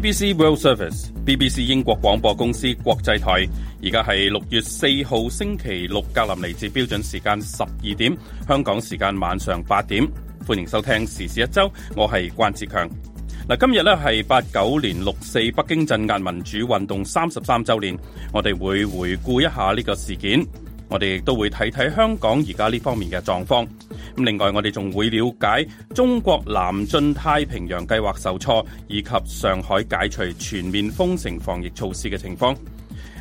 BBC World Service，BBC 英國廣播公司國際台，而家係六月四號星期六，格林尼治標準時間十二點，香港時間晚上八點，歡迎收聽時事一周，我係關智強。嗱，今日咧係八九年六四北京鎮壓民主運動三十三周年，我哋會回顧一下呢個事件。我哋亦都會睇睇香港而家呢方面嘅狀況。咁另外，我哋仲會了解中國南進太平洋計劃受挫，以及上海解除全面封城防疫措施嘅情況。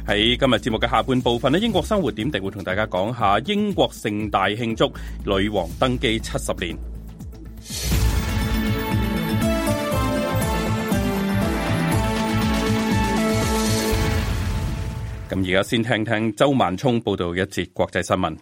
喺今日節目嘅下半部分呢，英國生活點滴會同大家講下英國盛大慶祝女王登基七十年。咁而家先聽聽周萬聰報道一節國際新聞。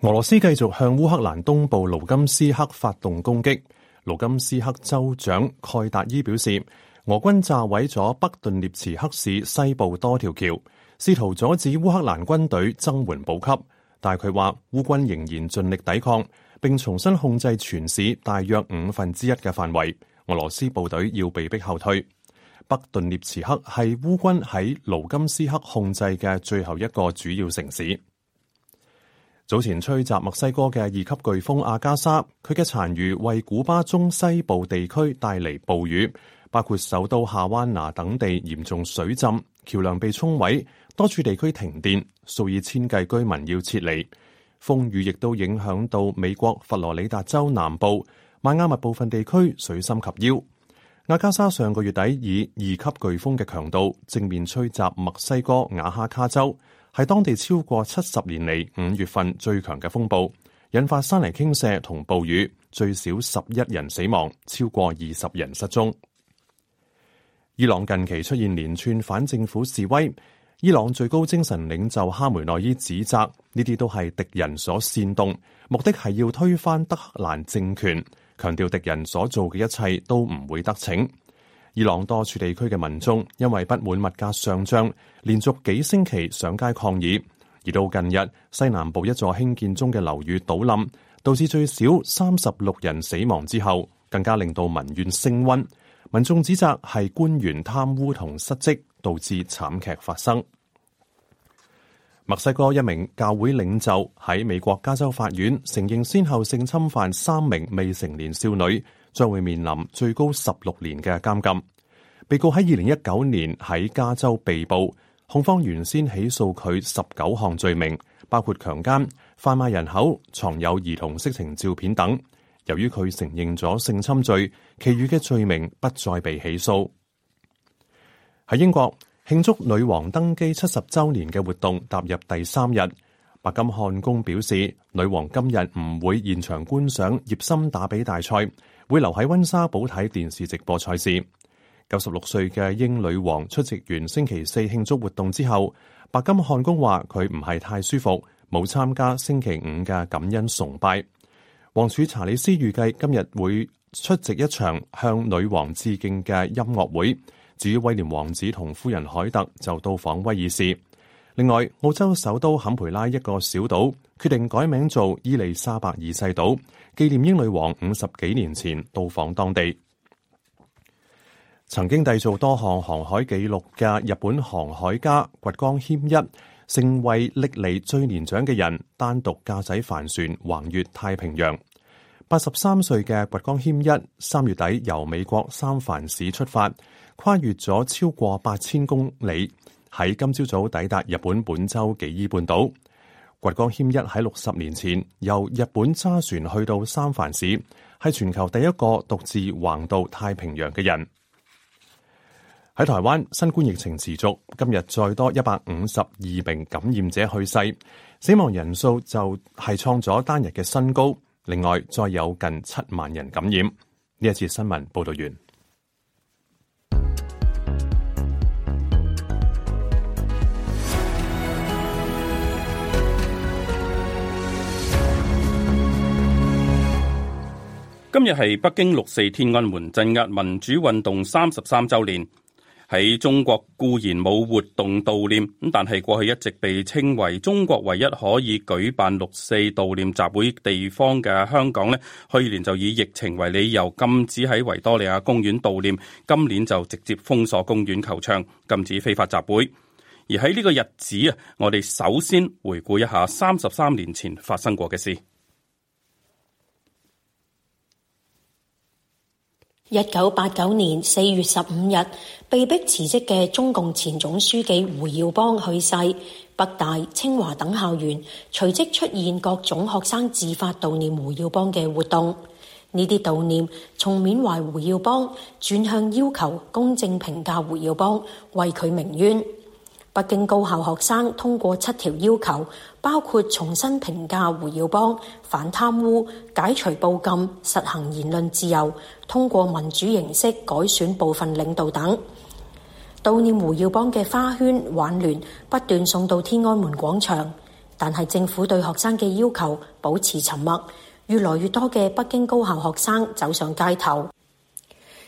俄羅斯繼續向烏克蘭東部盧甘斯克發動攻擊。盧甘斯克州長蓋達伊表示，俄軍炸毀咗北頓涅茨克市西部多條橋，試圖阻止烏克蘭軍隊增援補給。但佢話烏軍仍然盡力抵抗，並重新控制全市大約五分之一嘅範圍。俄羅斯部隊要被迫後退。北頓涅茨克係烏軍喺盧甘斯克控制嘅最後一個主要城市。早前吹襲墨西哥嘅二級颶風阿加莎，佢嘅殘餘為古巴中西部地區帶嚟暴雨，包括首都夏灣拿等地嚴重水浸，橋樑被沖毀，多處地區停電，數以千計居民要撤離。風雨亦都影響到美國佛羅里達州南部，邁阿密部分地區水深及腰。亞加莎上個月底以二級颶風嘅強度正面吹襲墨西哥瓦哈卡州，係當地超過七十年嚟，五月份最強嘅風暴，引發山泥傾瀉同暴雨，最少十一人死亡，超過二十人失蹤。伊朗近期出現連串反政府示威，伊朗最高精神領袖哈梅內伊指責呢啲都係敵人所煽動，目的係要推翻德黑蘭政權。強調敵人所做嘅一切都唔會得逞。伊朗多處地區嘅民眾因為不滿物價上漲，連續幾星期上街抗議。而到近日，西南部一座興建中嘅樓宇倒冧，導致最少三十六人死亡之後，更加令到民怨升溫。民眾指責係官員貪污同失職導致慘劇發生。墨西哥一名教會領袖喺美國加州法院承認先後性侵犯三名未成年少女，將會面臨最高十六年嘅監禁。被告喺二零一九年喺加州被捕，控方原先起訴佢十九項罪名，包括強姦、販賣人口、藏有兒童色情照片等。由於佢承認咗性侵罪，其餘嘅罪名不再被起訴。喺英國，慶祝女王登基七十週年嘅活動踏入第三日，白金漢宮表示，女王今日唔會現場觀賞葉森打比大賽，會留喺溫莎堡睇電視直播賽事。九十六歲嘅英女王出席完星期四慶祝活動之後，白金漢宮話佢唔係太舒服，冇參加星期五嘅感恩崇拜。王儲查理斯預計今日會出席一場向女王致敬嘅音樂會。至於威廉王子同夫人凱特就到訪威爾士。另外，澳洲首都坎培拉一個小島決定改名做伊利沙伯二世島，紀念英女王五十幾年前到訪當地。曾經締造多項航海紀錄嘅日本航海家堀江謙一，成為歷嚟最年長嘅人，單獨駕駛帆船橫越太平洋。八十三歲嘅堀江謙一，三月底由美國三藩市出發。跨越咗超過八千公里，喺今朝早抵達日本本州紀伊半島。堀江謙一喺六十年前由日本揸船去到三藩市，係全球第一個獨自橫渡太平洋嘅人。喺台灣，新冠疫情持續，今日再多一百五十二名感染者去世，死亡人數就係創咗單日嘅新高。另外，再有近七萬人感染。呢一次新聞報道完。今日係北京六四天安門鎮壓民主運動三十三周年，喺中國固然冇活動悼念，咁但係過去一直被稱為中國唯一可以舉辦六四悼念集會地方嘅香港呢，去年就以疫情為理由禁止喺維多利亞公園悼念，今年就直接封鎖公園球場，禁止非法集會。而喺呢個日子啊，我哋首先回顧一下三十三年前發生過嘅事。一九八九年四月十五日，被迫辭職嘅中共前總書記胡耀邦去世。北大、清華等校園隨即出現各種學生自發悼念胡耀邦嘅活動。呢啲悼念從緬懷胡耀邦，轉向要求公正評價胡耀邦，為佢鳴冤。北京高校學生通過七條要求，包括重新評價胡耀邦、反貪污、解除報禁、實行言論自由、通過民主形式改選部分領導等。悼念胡耀邦嘅花圈輓聯不斷送到天安門廣場，但係政府對學生嘅要求保持沉默。越來越多嘅北京高校學生走上街頭。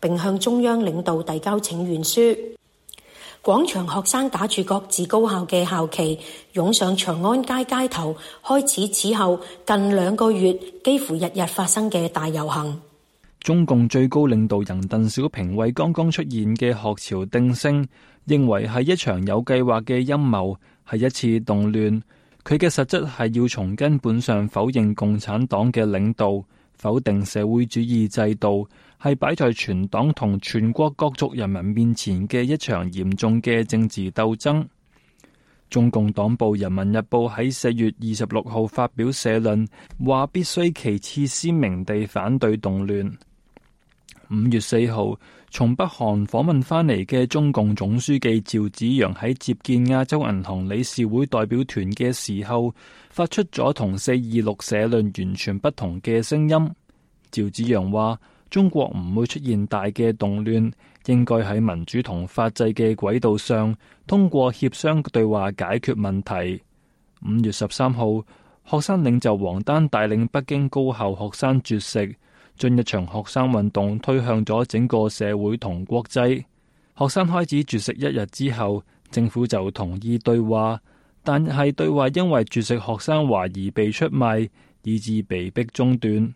並向中央領導遞交請願書，廣場學生打住各自高校嘅校旗，湧上長安街街頭開始此後近兩個月幾乎日日發生嘅大遊行。中共最高領導人鄧小平為剛剛出現嘅學潮定性認為係一場有計劃嘅陰謀，係一次動亂，佢嘅實質係要從根本上否認共產黨嘅領導。否定社會主義制度係擺在全黨同全國各族人民面前嘅一場嚴重嘅政治鬥爭。中共黨報《人民日報》喺四月二十六號發表社論，話必須旗幟鮮明地反對動亂。五月四號，從北韓訪問翻嚟嘅中共總書記趙紫陽喺接見亞洲銀行理事會代表團嘅時候，發出咗同四二六社論完全不同嘅聲音。趙紫陽話：中國唔會出現大嘅動亂，應該喺民主同法制嘅軌道上，通過協商對話解決問題。五月十三號，學生領袖王丹帶領北京高校學生絕食。進一場學生運動推向咗整個社會同國際，學生開始絕食一日之後，政府就同意對話，但係對話因為絕食學生懷疑被出賣，以至被迫中斷。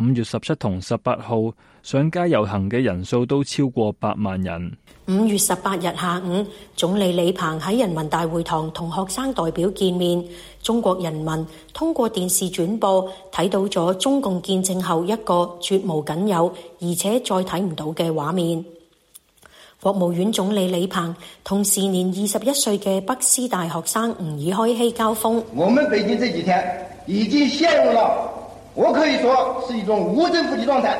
五月十七同十八號上街遊行嘅人數都超過百萬人。五月十八日下午，總理李鵬喺人民大會堂同學生代表見面。中國人民通過電視轉播睇到咗中共建政後一個絕無僅有而且再睇唔到嘅畫面。國務院總理李鵬同時年二十一歲嘅北師大學生吾爾開希交鋒。我們北京這幾天已經陷入了。我可以說是一種無政府體狀態，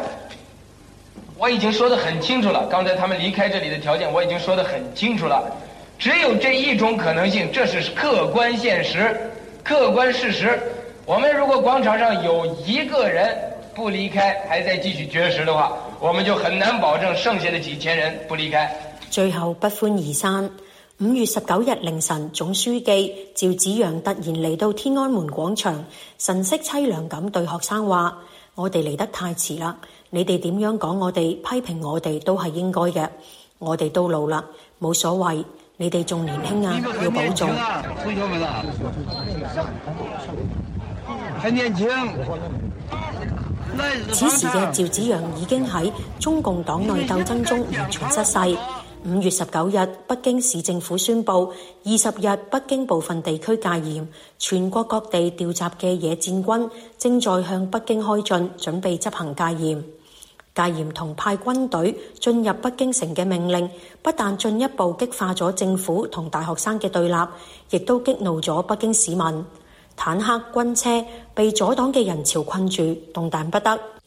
我已經說得很清楚了。剛才他們離開這裏的條件，我已經說得很清楚了，只有這一種可能性，這是客觀現實、客觀事實。我們如果廣場上有一個人不離開，還在繼續絕食的話，我們就很難保證剩下的幾千人不離開。最後不歡而散。五月十九日凌晨，總書記趙紫陽突然嚟到天安門廣場，神色淒涼咁對學生話：我哋嚟得太遲啦，你哋點樣講我哋，批評我哋都係應該嘅，我哋都老啦，冇所謂，你哋仲年輕啊，輕啊要保重。此時嘅趙紫陽已經喺中共黨內鬥爭中完全失勢。五月十九日，北京市政府宣布二十日北京部分地區戒嚴，全國各地調集嘅野戰軍正在向北京開進，準備執行戒嚴。戒嚴同派軍隊進入北京城嘅命令，不但進一步激化咗政府同大學生嘅對立，亦都激怒咗北京市民。坦克、軍車被阻擋嘅人潮困住，動彈不得。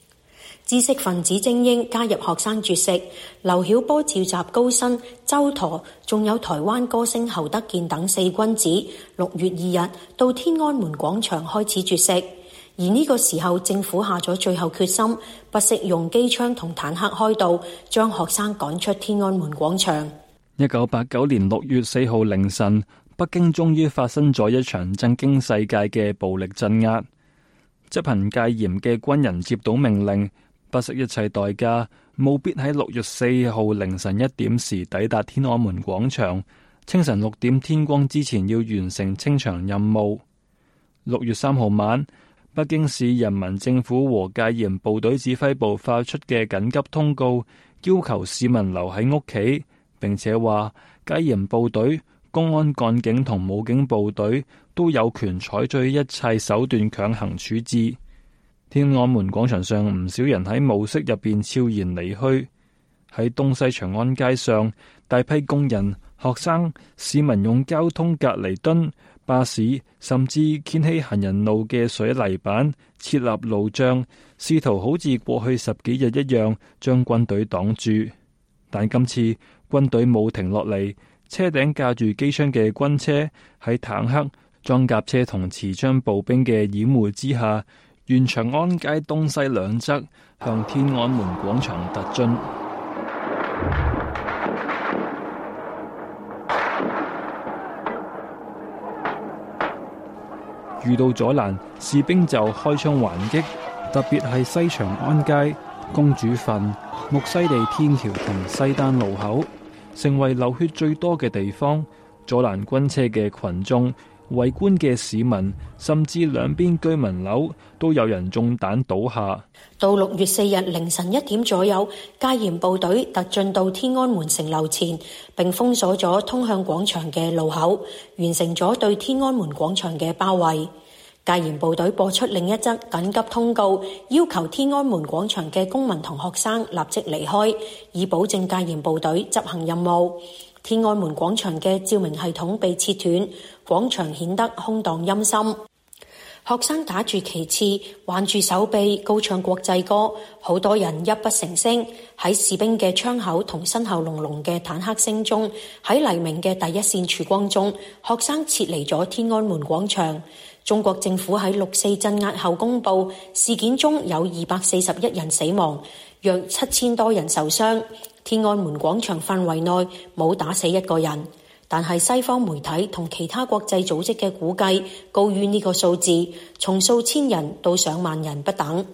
知識分子精英加入學生絕食，劉曉波召集高新、周舵，仲有台灣歌星侯德健等四君子。六月二日到天安門廣場開始絕食。而呢個時候，政府下咗最後決心，不惜用機槍同坦克開道，將學生趕出天安門廣場。一九八九年六月四號凌晨，北京終於發生咗一場震驚世界嘅暴力鎮壓。執勤戒嚴嘅軍人接到命令。不惜一切代價，務必喺六月四號凌晨一點時抵達天安門廣場。清晨六點天光之前，要完成清場任務。六月三號晚，北京市人民政府和戒嚴部隊指揮部發出嘅緊急通告，要求市民留喺屋企，並且話戒嚴部隊、公安幹警同武警部隊都有權採取一切手段強行處置。天安門廣場上唔少人喺暮色入邊悄然離去。喺東西長安街上，大批工人、學生、市民用交通隔離墩、巴士，甚至掀起行人路嘅水泥板，設立路障，試圖好似過去十幾日一樣將軍隊擋住。但今次軍隊冇停落嚟，車頂架住機槍嘅軍車喺坦克、裝甲車同持槍步兵嘅掩護之下。沿長安街東西兩側向天安門廣場突進，遇到阻攔，士兵就開槍還擊。特別係西長安街、公主墳、木樨地天橋同西單路口，成為流血最多嘅地方。阻攔軍車嘅群眾，圍觀嘅市民，甚至兩邊居民樓都有人中彈倒下。到六月四日凌晨一點左右，戒嚴部隊突進到天安門城樓前，並封鎖咗通向廣場嘅路口，完成咗對天安門廣場嘅包圍。戒嚴部隊播出另一則緊急通告，要求天安門廣場嘅公民同學生立即離開，以保證戒嚴部隊執行任務。天安門廣場嘅照明系統被切斷。廣場顯得空蕩陰森，學生打住旗幟，挽住手臂高唱國際歌，好多人泣不成聲。喺士兵嘅槍口同身後隆隆嘅坦克聲中，喺黎明嘅第一線曙光中，學生撤離咗天安門廣場。中國政府喺六四鎮壓後公佈，事件中有二百四十一人死亡，約七千多人受傷。天安門廣場範圍內冇打死一個人。但係西方媒體同其他國際組織嘅估計高於呢個數字，從數千人到上萬人不等。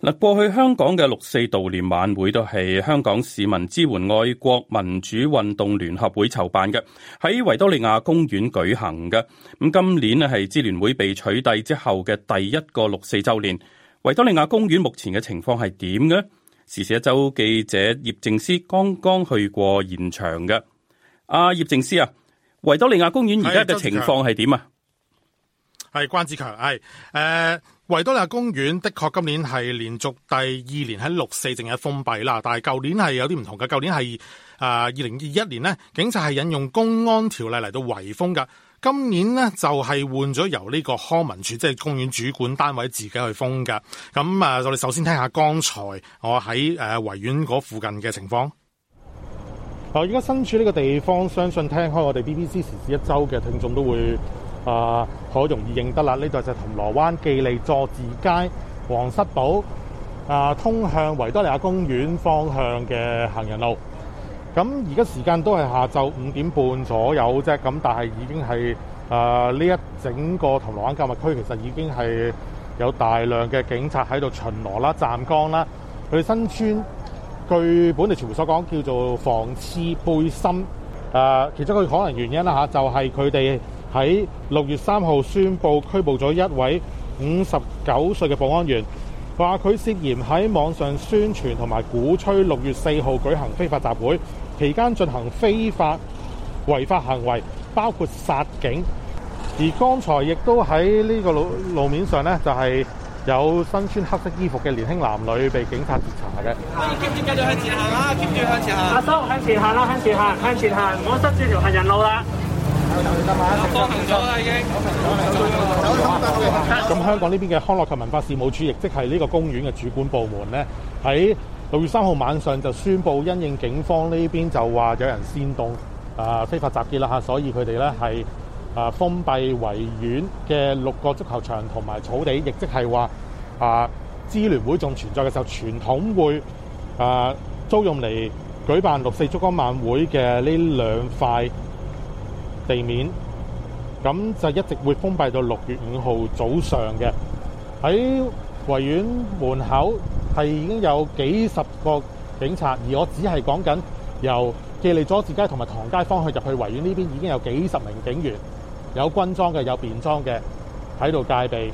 嗱，過去香港嘅六四悼念晚會都係香港市民支援愛國民主運動聯合會籌辦嘅，喺維多利亞公園舉行嘅。咁今年咧係支聯會被取締之後嘅第一個六四週年。維多利亞公園目前嘅情況係點嘅？時事一周記者葉正思剛剛去過現場嘅。阿葉靜思啊，維多利亞公園而家嘅情況係點啊？係關子強，係誒，維多利亞公園的確今年係連續第二年喺六四淨係封閉啦，但係舊年係有啲唔同嘅。舊年係誒，二零二一年呢，警察係引用公安條例嚟到圍封噶，今年呢，就係換咗由呢個康文署即係公園主管單位自己去封噶，咁啊、呃、我哋首先聽下剛才我喺誒維園嗰附近嘅情況。嗱，而家身處呢個地方，相信聽開我哋 BBC 時事一週嘅聽眾都會啊，呃、好容易認得啦。呢度就係銅鑼灣記利佐治街皇室堡啊、呃，通向維多利亞公園方向嘅行人路。咁而家時間都係下晝五點半左右啫，咁但係已經係啊呢一整個銅鑼灣購物區其實已經係有大量嘅警察喺度巡邏啦、站崗啦，去新村。據本地傳媒所講，叫做防刺背心。誒、呃，其中個可能原因啦嚇，就係佢哋喺六月三號宣佈拘捕咗一位五十九歲嘅保安員，話佢涉嫌喺網上宣傳同埋鼓吹六月四號舉行非法集會，期間進行非法違法行為，包括殺警。而剛才亦都喺呢個路路面上呢，就係、是。有身穿黑色衣服嘅年輕男女被警察截查嘅。可以 keep 住繼續向前行啦，keep 住向前行。阿叔向前行啦，向前行，向前行，唔好塞住條行人路啦。放行咗啦，已經。咁香港呢邊嘅康樂及文化事務處，亦即係呢個公園嘅主管部門，咧，喺六月三號晚上就宣布，因應警方呢邊就話有人煽動啊非法集結啦嚇，所以佢哋咧係。啊！封閉維園嘅六個足球場同埋草地，亦即係話啊，支聯會仲存在嘅時候，傳統會啊租用嚟舉辦六四燭光晚會嘅呢兩塊地面，咁就一直會封閉到六月五號早上嘅。喺維園門口係已經有幾十個警察，而我只係講緊由記利佐治街同埋唐街方向入去維園呢邊已經有幾十名警員。有軍裝嘅，有便裝嘅，喺度戒備。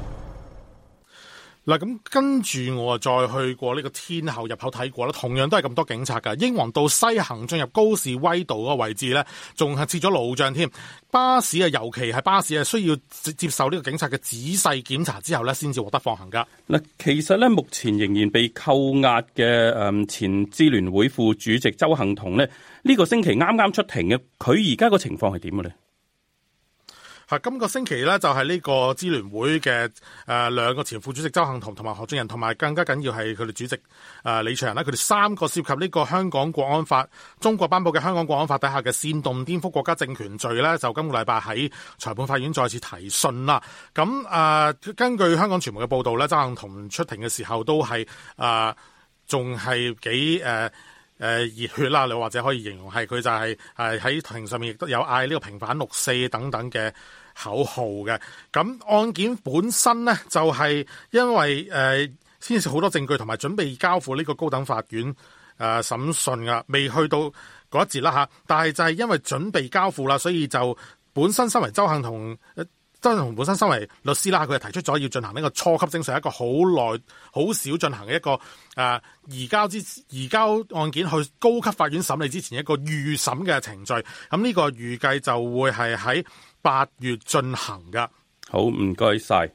嗱，咁跟住我啊，再去過呢個天后入口睇過啦。同樣都係咁多警察噶。英皇道西行進入高士威道嗰個位置咧，仲係設咗路障添。巴士啊，尤其係巴士啊，需要接受呢個警察嘅仔細檢查之後咧，先至獲得放行噶。嗱，其實咧，目前仍然被扣押嘅，誒，前支聯會副主席周幸彤咧，呢個星期啱啱出庭嘅，佢而家個情況係點嘅咧？啊！今個星期咧，就係、是、呢個支聯會嘅，誒兩個前副主席周幸彤同埋何俊仁，同埋更加緊要係佢哋主席誒、呃、李卓人啦。佢哋三個涉及呢個香港國安法中國頒布嘅香港國安法底下嘅煽動顛覆國家政權罪咧，就今個禮拜喺裁判法院再次提訊啦。咁、嗯、誒、呃，根據香港傳媒嘅報道咧，周幸彤出庭嘅時候都係誒仲係幾誒。呃誒、呃、熱血啦，你或者可以形容係佢就係係喺庭上面亦都有嗌呢個平反六四等等嘅口號嘅。咁案件本身呢，就係、是、因為誒先至好多證據同埋準備交付呢個高等法院誒、呃、審訊噶，未去到嗰一節啦嚇、啊。但係就係因為準備交付啦，所以就本身身為鄒幸彤。呃周鴻本身身為律師啦，佢又提出咗要進行呢個初級程序，一個好耐、好少進行嘅一個誒、呃、移交之移交案件去高級法院審理之前一個預審嘅程序。咁、嗯、呢、呢個預計就會係喺八月進行嘅。好，唔該晒。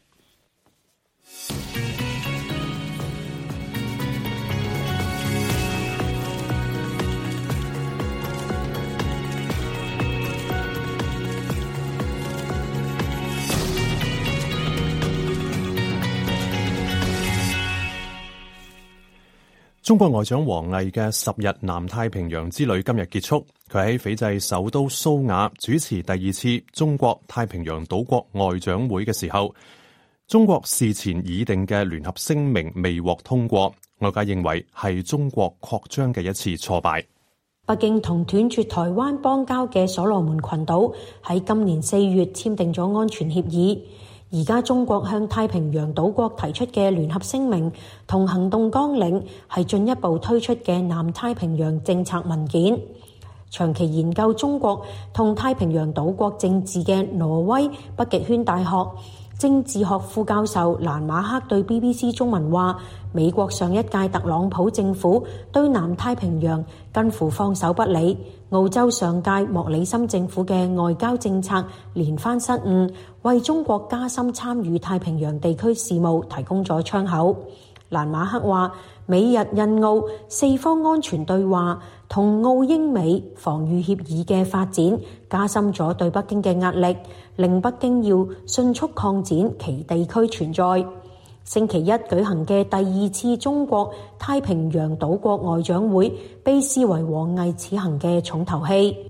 中國外長王毅嘅十日南太平洋之旅今日結束，佢喺斐濟首都蘇瓦主持第二次中國太平洋島國外長會嘅時候，中國事前擬定嘅聯合聲明未獲通過，外界認為係中國擴張嘅一次挫敗。北京同斷絕台灣邦交嘅所羅門群島喺今年四月簽訂咗安全協議。而家中國向太平洋島國提出嘅聯合聲明同行動綱領，係進一步推出嘅南太平洋政策文件。長期研究中國同太平洋島國政治嘅挪威北極圈大學政治學副教授蘭馬克對 BBC 中文話，美國上一屆特朗普政府對南太平洋近乎放手不理，澳洲上屆莫里森政府嘅外交政策連番失誤，為中國加深參與太平洋地區事務提供咗窗口。蘭馬克話：美日印澳四方安全對話同澳英美防禦協議嘅發展，加深咗對北京嘅壓力，令北京要迅速擴展其地區存在。星期一舉行嘅第二次中國太平洋島國外長會，被視為王毅此行嘅重頭戲。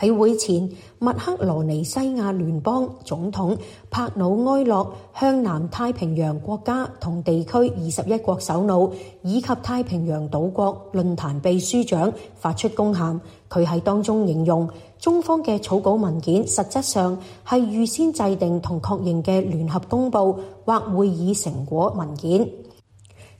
喺會前，密克羅尼西亞聯邦總統帕努埃洛向南太平洋國家同地區二十一國首腦以及太平洋島國論壇秘書長發出公函。佢喺當中形容，中方嘅草稿文件實質上係預先制定同確認嘅聯合公佈或會議成果文件。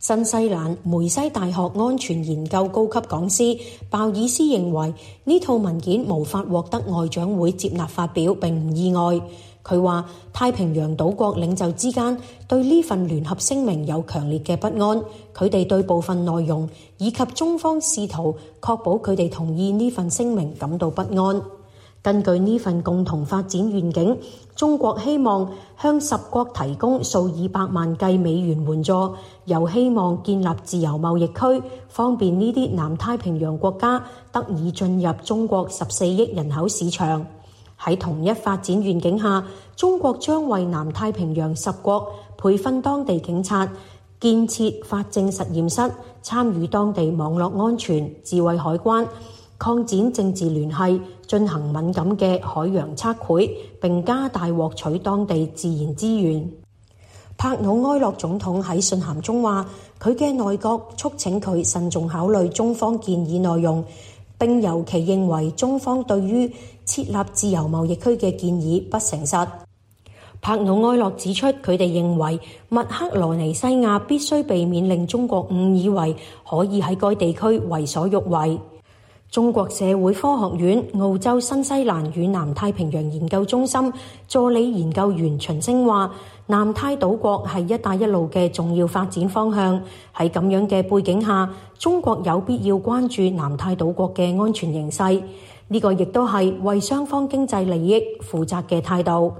新西蘭梅西大學安全研究高級講師鮑爾斯認為，呢套文件無法獲得外長會接納發表並唔意外。佢話，太平洋島國領袖之間對呢份聯合聲明有強烈的不安，佢哋對部分內容以及中方試圖確保佢哋同意呢份聲明感到不安。根據呢份共同發展願景，中國希望向十國提供數以百萬計美元援助，又希望建立自由貿易區，方便呢啲南太平洋國家得以進入中國十四億人口市場。喺同一發展願景下，中國將為南太平洋十國培訓當地警察，建設法證實驗室，參與當地網絡安全、智慧海關。擴展政治聯繫，進行敏感嘅海洋測繪，並加大獲取當地自然資源。帕努埃洛總統喺信函中話，佢嘅內閣促請佢慎重考慮中方建議內容，並尤其認為中方對於設立自由貿易區嘅建議不誠實。帕努埃洛指出，佢哋認為密克羅尼西亞必須避免令中國誤以為可以喺該地區為所欲為。中國社會科學院澳洲新西蘭與南太平洋研究中心助理研究員秦星話：南太島國係一帶一路嘅重要發展方向，喺咁樣嘅背景下，中國有必要關注南太島國嘅安全形勢，呢、這個亦都係為雙方經濟利益負責嘅態度。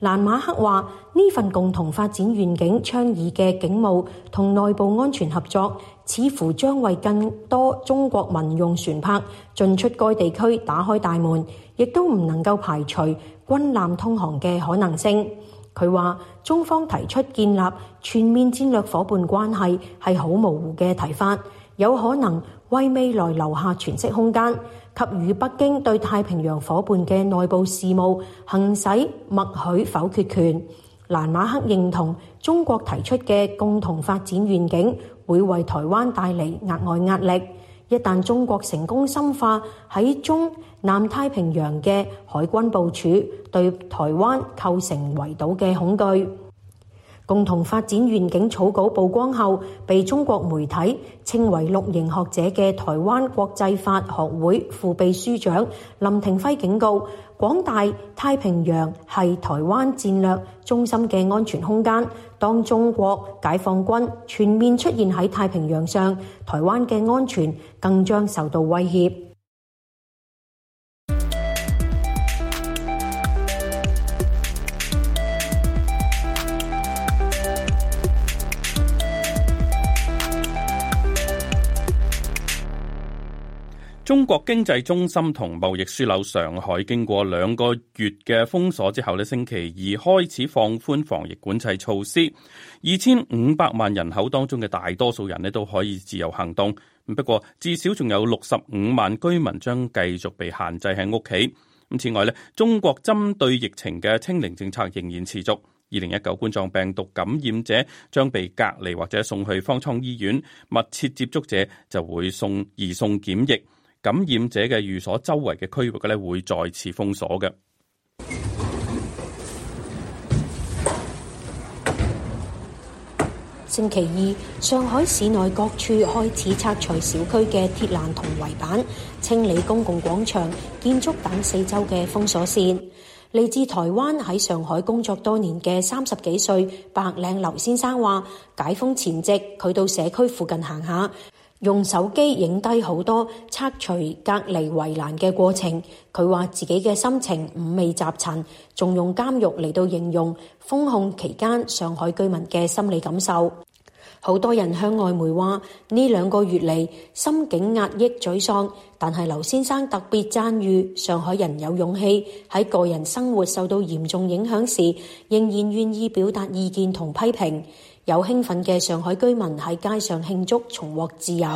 蘭馬克話：呢份共同發展願景倡議嘅警務同內部安全合作，似乎將為更多中國民用船舶進出該地區打開大門，亦都唔能夠排除軍艦通航嘅可能性。佢話中方提出建立全面戰略伙伴關係係好模糊嘅提法，有可能為未來留下詮釋空間。給予北京對太平洋伙伴嘅內部事務行使默許否決權。蘭馬克認同中國提出嘅共同發展願景會為台灣帶嚟額外壓力。一旦中國成功深化喺中南太平洋嘅海軍部署，對台灣構成圍堵嘅恐懼。共同發展願景草稿曝光後，被中國媒體稱為綠營學者嘅台灣國際法學會副秘書長林廷輝警告：廣大太平洋係台灣戰略中心嘅安全空間，當中國解放軍全面出現喺太平洋上，台灣嘅安全更將受到威脅。中國經濟中心同貿易樞紐上海，經過兩個月嘅封鎖之後咧，星期二開始放寬防疫管制措施。二千五百萬人口當中嘅大多數人咧都可以自由行動，不過至少仲有六十五萬居民將繼續被限制喺屋企。咁此外咧，中國針對疫情嘅清零政策仍然持續。二零一九冠狀病毒感染者將被隔離或者送去方艙醫院，密切接觸者就會送移送檢疫。感染者嘅寓所周圍嘅區域咧會再次封鎖嘅。星期二，上海市內各處開始拆除小區嘅鐵欄同圍板，清理公共廣場、建築等四周嘅封鎖線。嚟自台灣喺上海工作多年嘅三十幾歲白領劉先生話：解封前夕，佢到社區附近行下。用手機影低好多拆除隔離圍欄嘅過程，佢話自己嘅心情五味雜陳，仲用監獄嚟到形容封控期間上海居民嘅心理感受。好多人向外媒話呢兩個月嚟心境壓抑沮喪，但係劉先生特別讚譽上海人有勇氣喺個人生活受到嚴重影響時，仍然願意表達意見同批評。有興奮嘅上海居民喺街上慶祝重獲自由。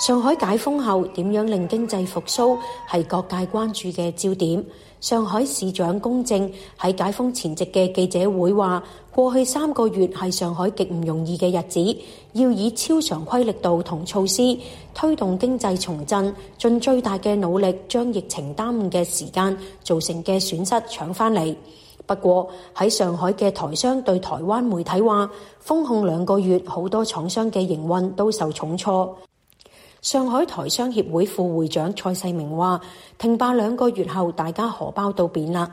上海解封後點樣令經濟復甦係各界關注嘅焦點。上海市長龔正喺解封前夕嘅記者會話，過去三個月係上海極唔容易嘅日子，要以超常規力度同措施推動經濟重振，盡最大嘅努力將疫情耽誤嘅時間造成嘅損失搶返嚟。不過喺上海嘅台商對台灣媒體話，封控兩個月，好多廠商嘅營運都受重挫。上海台商協會副會長蔡世明話：停擺兩個月後，大家荷包都扁啦。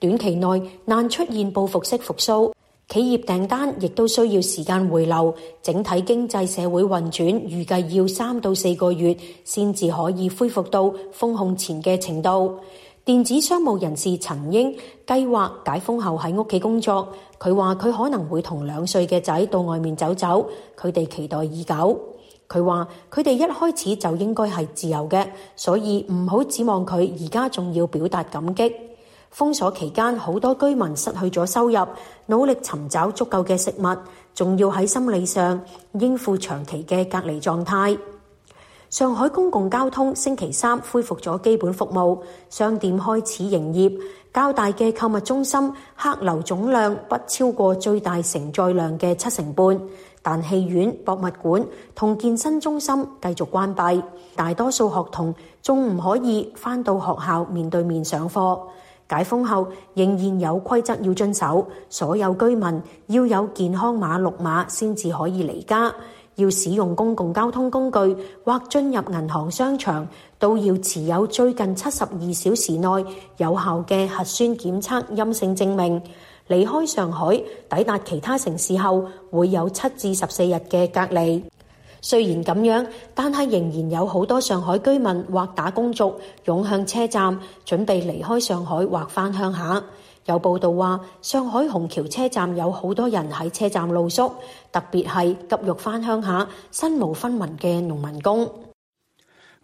短期內難出現報復式復甦，企業訂單亦都需要時間回流，整體經濟社會運轉預計要三到四個月先至可以恢復到封控前嘅程度。電子商務人士陳英計劃解封後喺屋企工作，佢話佢可能會同兩歲嘅仔到外面走走，佢哋期待已久。佢話：佢哋一開始就應該係自由嘅，所以唔好指望佢而家仲要表達感激。封鎖期間，好多居民失去咗收入，努力尋找足夠嘅食物，仲要喺心理上應付長期嘅隔離狀態。上海公共交通星期三恢復咗基本服務，商店開始營業，較大嘅購物中心客流總量不超過最大承載量嘅七成半。但戲院、博物館同健身中心繼續關閉，大多數學童仲唔可以返到學校面對面上課。解封後仍然有規則要遵守，所有居民要有健康碼綠碼先至可以離家，要使用公共交通工具或進入銀行、商場都要持有最近七十二小時內有效嘅核酸檢測陰性證明。離開上海，抵達其他城市後，會有七至十四日嘅隔離。雖然咁樣，但係仍然有好多上海居民或打工族湧向車站，準備離開上海或返鄉下。有報道話，上海虹橋車站有好多人喺車站露宿，特別係急欲返鄉下、身無分文嘅農民工。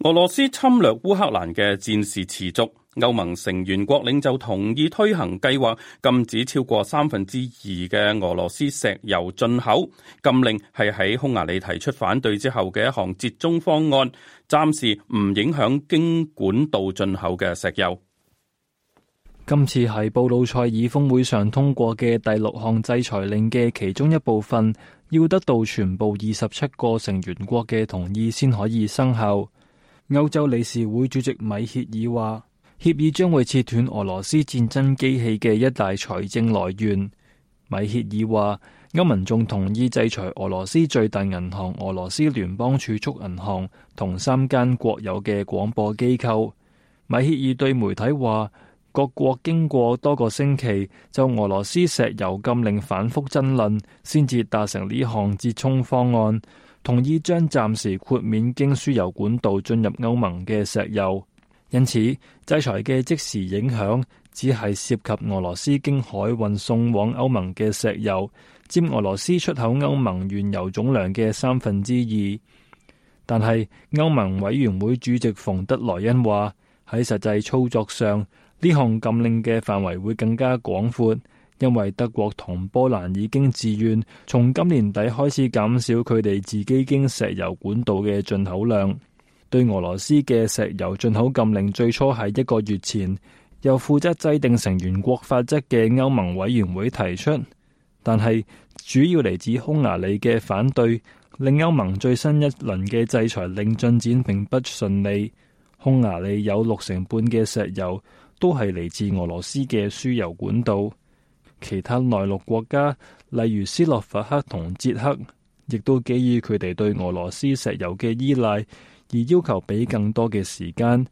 俄羅斯侵略烏克蘭嘅戰事持續，歐盟成員國領袖同意推行計劃，禁止超過三分之二嘅俄羅斯石油進口。禁令係喺匈牙利提出反對之後嘅一項折中方案，暫時唔影響經管道進口嘅石油。今次係布魯塞爾峰會上通過嘅第六項制裁令嘅其中一部分，要得到全部二十七個成員國嘅同意先可以生效。歐洲理事會主席米歇爾話：協議將會切斷俄羅斯戰爭機器嘅一大財政來源。米歇爾話：歐盟仲同意制裁俄羅斯最大銀行俄羅斯聯邦儲蓄銀行同三間國有嘅廣播機構。米歇爾對媒體話：各國經過多個星期就俄羅斯石油禁令反覆爭論，先至達成呢項折衷方案。同意將暫時豁免經輸油管道進入歐盟嘅石油，因此制裁嘅即時影響只係涉及俄羅斯經海運送往歐盟嘅石油，佔俄羅斯出口歐盟原油總量嘅三分之二。但係歐盟委員會主席馮德萊恩話，喺實際操作上，呢項禁令嘅範圍會更加廣闊。因為德國同波蘭已經自願從今年底開始減少佢哋自己經石油管道嘅進口量。對俄羅斯嘅石油進口禁令最初喺一個月前由負責制定成員國法則嘅歐盟委員會提出，但係主要嚟自匈牙利嘅反對，令歐盟最新一輪嘅制裁令進展並不順利。匈牙利有六成半嘅石油都係嚟自俄羅斯嘅輸油管道。其他內陸國家，例如斯洛伐克同捷克，亦都基於佢哋對俄羅斯石油嘅依賴，而要求俾更多嘅時間。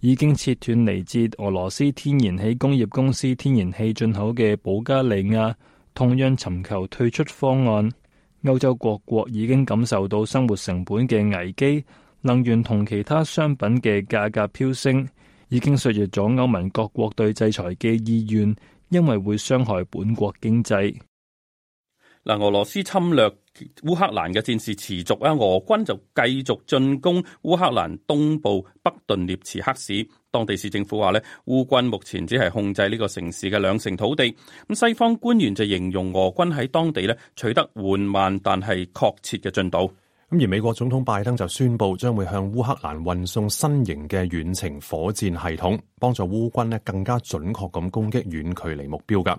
已經切斷嚟自俄羅斯天然氣工業公司天然氣進口嘅保加利亞，同樣尋求退出方案。歐洲各國已經感受到生活成本嘅危機，能源同其他商品嘅價格飆升，已經削弱咗歐盟各國對制裁嘅意願。因為會傷害本國經濟。嗱，俄羅斯侵略烏克蘭嘅戰事持續啊，俄軍就繼續進攻烏克蘭東部北頓涅茨克市。當地市政府話咧，烏軍目前只係控制呢個城市嘅兩成土地。咁西方官員就形容俄軍喺當地咧取得緩慢但係確切嘅進度。而美國總統拜登就宣布，將會向烏克蘭運送新型嘅遠程火箭系統，幫助烏軍更加準確咁攻擊遠距離目標。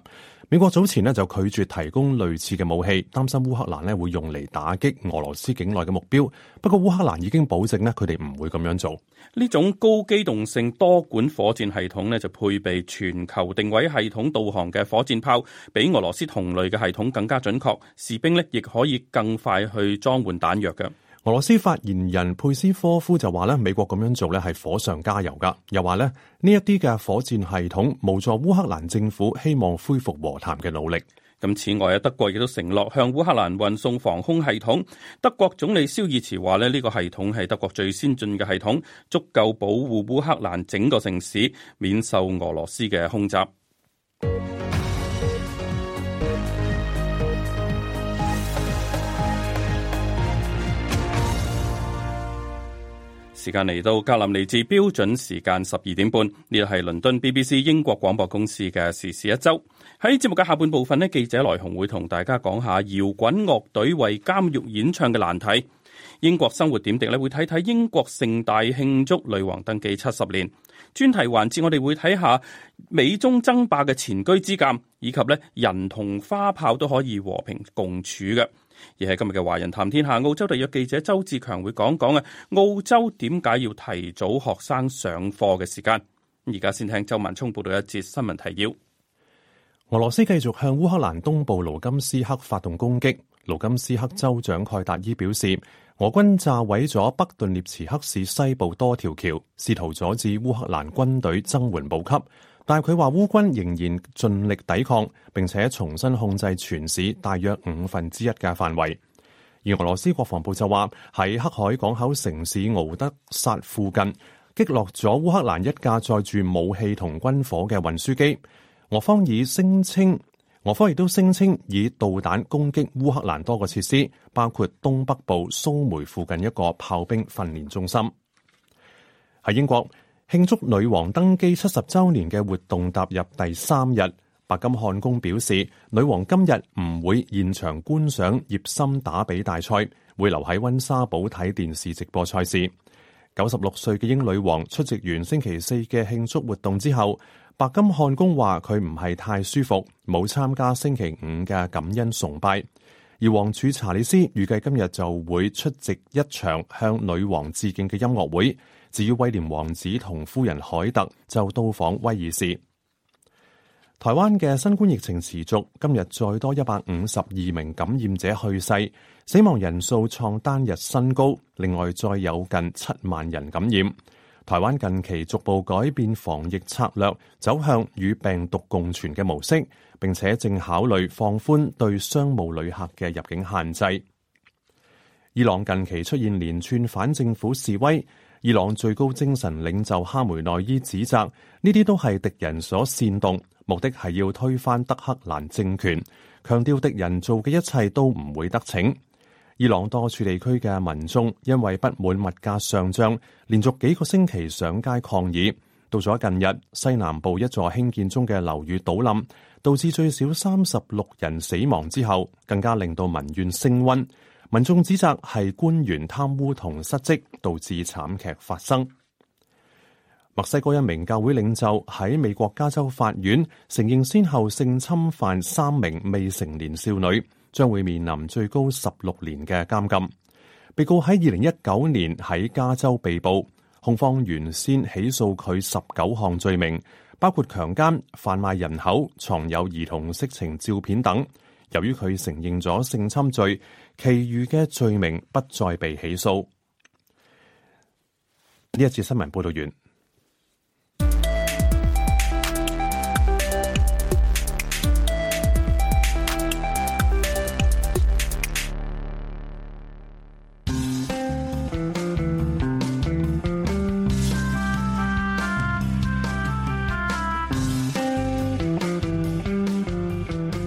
美國早前咧就拒絕提供類似嘅武器，擔心烏克蘭咧會用嚟打擊俄羅斯境內嘅目標。不過烏克蘭已經保證咧佢哋唔會咁樣做。呢種高機動性多管火箭系統咧就配備全球定位系統導航嘅火箭炮，比俄羅斯同類嘅系統更加準確。士兵咧亦可以更快去裝換彈藥嘅。俄羅斯發言人佩斯科夫就話咧，美國咁樣做咧係火上加油噶，又話咧呢一啲嘅火箭系統無助烏克蘭政府希望恢復和談嘅努力。咁此外啊，德國亦都承諾向烏克蘭運送防空系統。德國總理肖爾茨話咧，呢、這個系統係德國最先進嘅系統，足夠保護烏克蘭整個城市免受俄羅斯嘅空襲。時間嚟到格林尼治標準時間十二點半，呢個係倫敦 BBC 英國廣播公司嘅時事一周。喺節目嘅下半部分呢，記者來鴻會同大家講下搖滾樂隊為監獄演唱嘅難題。英國生活點滴咧會睇睇英國盛大慶祝女王登基七十年專題環節，我哋會睇下美中爭霸嘅前車之鑑，以及呢人同花炮都可以和平共處嘅。而係今日嘅華人談天下，澳洲特約記者周志強會講講啊，澳洲點解要提早學生上課嘅時間？而家先聽周文冲報道一節新聞提要。俄羅斯繼續向烏克蘭東部盧金斯克發動攻擊，盧金斯克州長蓋達伊表示，俄軍炸毀咗北頓涅茨克市西部多條橋，試圖阻止烏克蘭軍隊增援補給。但佢話烏軍仍然盡力抵抗，並且重新控制全市大約五分之一嘅範圍。而俄羅斯國防部就話喺黑海港口城市敖德薩附近擊落咗烏克蘭一架載住武器同軍火嘅運輸機。俄方亦聲稱，俄方亦都聲稱以導彈攻擊烏克蘭多個設施，包括東北部蘇梅附近一個炮兵訓練中心。喺英國。慶祝女王登基七十周年嘅活動踏入第三日，白金漢宮表示，女王今日唔會現場觀賞葉森打比大賽，會留喺温莎堡睇電視直播賽事。九十六歲嘅英女王出席完星期四嘅慶祝活動之後，白金漢宮話佢唔係太舒服，冇參加星期五嘅感恩崇拜。而王儲查理斯預計今日就會出席一場向女王致敬嘅音樂會。至於威廉王子同夫人凱特就到訪威爾士。台灣嘅新冠疫情持續，今日再多一百五十二名感染者去世，死亡人數創單日新高，另外再有近七萬人感染。台灣近期逐步改變防疫策略走向與病毒共存嘅模式，並且正考慮放寬對商務旅客嘅入境限制。伊朗近期出現連串反政府示威。伊朗最高精神領袖哈梅內伊指責呢啲都係敵人所煽動，目的係要推翻德黑蘭政權。強調敵人做嘅一切都唔會得逞。伊朗多處地區嘅民眾因為不滿物價上漲，連續幾個星期上街抗議。到咗近日，西南部一座興建中嘅樓宇倒冧，導致最少三十六人死亡之後，更加令到民怨升溫。民眾指責係官員貪污同失職導致慘劇發生。墨西哥一名教會領袖喺美國加州法院承認先後性侵犯三名未成年少女，將會面臨最高十六年嘅監禁。被告喺二零一九年喺加州被捕，控方，原先起訴佢十九項罪名，包括強姦、販賣人口、藏有兒童色情照片等。由於佢承認咗性侵罪，其餘嘅罪名不再被起訴。呢一次新聞報道完。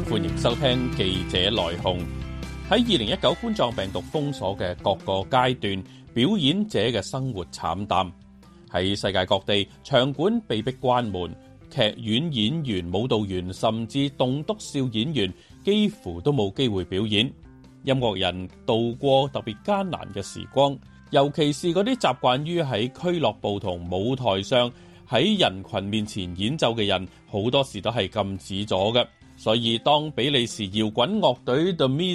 歡迎收聽記者來控。喺二零一九冠狀病毒封鎖嘅各個階段，表演者嘅生活慘淡。喺世界各地，場館被迫關門，劇院演員、舞蹈員甚至棟篤笑演員，幾乎都冇機會表演。音樂人度過特別艱難嘅時光，尤其是嗰啲習慣於喺俱樂部同舞台上喺人群面前演奏嘅人，好多時都係禁止咗嘅。所以，當比利時搖滾樂隊 The m i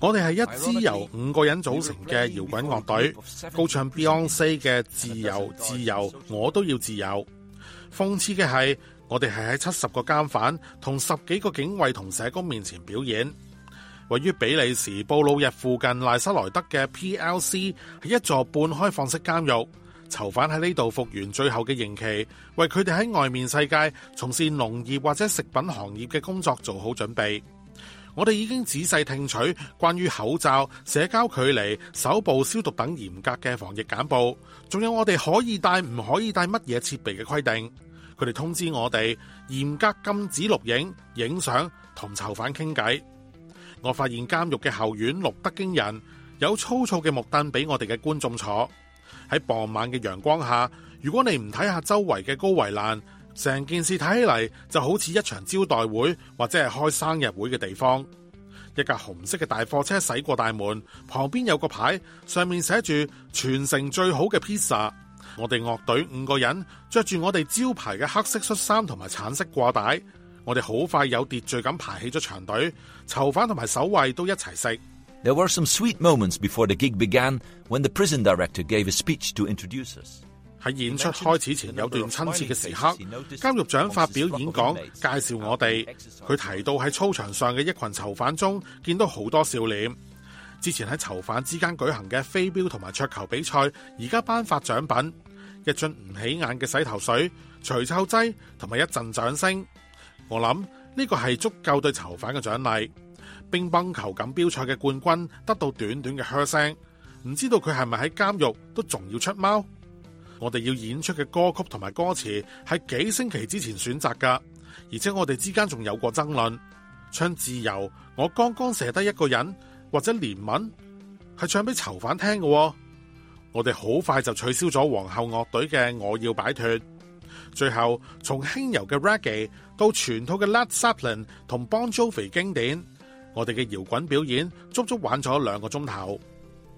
我哋係一支由五個人組成嘅搖滾樂，樂隊，高唱 Beyoncé 嘅《自由，自由，我都要自由》。諷刺嘅係，我哋係喺七十個監犯同十幾個警衛同社工面前表演。位於比利時布魯日附近賴斯萊德嘅 PLC 係一座半開放式監獄，囚犯喺呢度服完最後嘅刑期，為佢哋喺外面世界從事農業或者食品行業嘅工作做好準備。我哋已經仔細聽取關於口罩、社交距離、手部消毒等嚴格嘅防疫簡報，仲有我哋可以帶、唔可以帶乜嘢設備嘅規定。佢哋通知我哋嚴格禁止錄影、影相同囚犯傾偈。我發現監獄嘅後院綠得驚人，有粗糙嘅木凳俾我哋嘅觀眾坐。喺傍晚嘅陽光下，如果你唔睇下周圍嘅高圍欄，成件事睇起嚟就好似一場招待會或者係開生日會嘅地方。一架紅色嘅大貨車駛過大門，旁邊有個牌，上面寫住全城最好嘅披薩。我哋樂隊五個人着住我哋招牌嘅黑色恤衫同埋橙色掛帶，我哋好快有秩序咁排起咗長隊。囚犯同埋守衛都一齊食。There were some sweet moments before the gig began when the prison director gave a speech to introduce us. 喺演出開始前有段親切嘅時刻，監獄長發表演講，介紹我哋。佢提到喺操場上嘅一群囚犯中見到好多笑臉。之前喺囚犯之間舉行嘅飛鏢同埋桌球比賽，而家頒發獎品，一樽唔起眼嘅洗頭水、除臭劑同埋一陣掌聲。我諗呢個係足夠對囚犯嘅獎勵。乒乓球錦標賽嘅冠軍得到短短嘅噓聲，唔知道佢係咪喺監獄都仲要出貓？我哋要演出嘅歌曲同埋歌詞係幾星期之前選擇噶，而且我哋之間仲有過爭論。唱自由，我剛剛寫得一個人或者連文，係唱俾囚犯聽嘅、哦。我哋好快就取消咗皇后樂隊嘅《我要擺脫》，最後從輕柔嘅 Reggae 到全套嘅 Led Zeppelin 同 Bon Jovi 經典，我哋嘅搖滾表演足足玩咗兩個鐘頭。